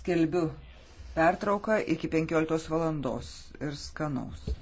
skelbiu pertrauką iki 15 valandos ir skanaus.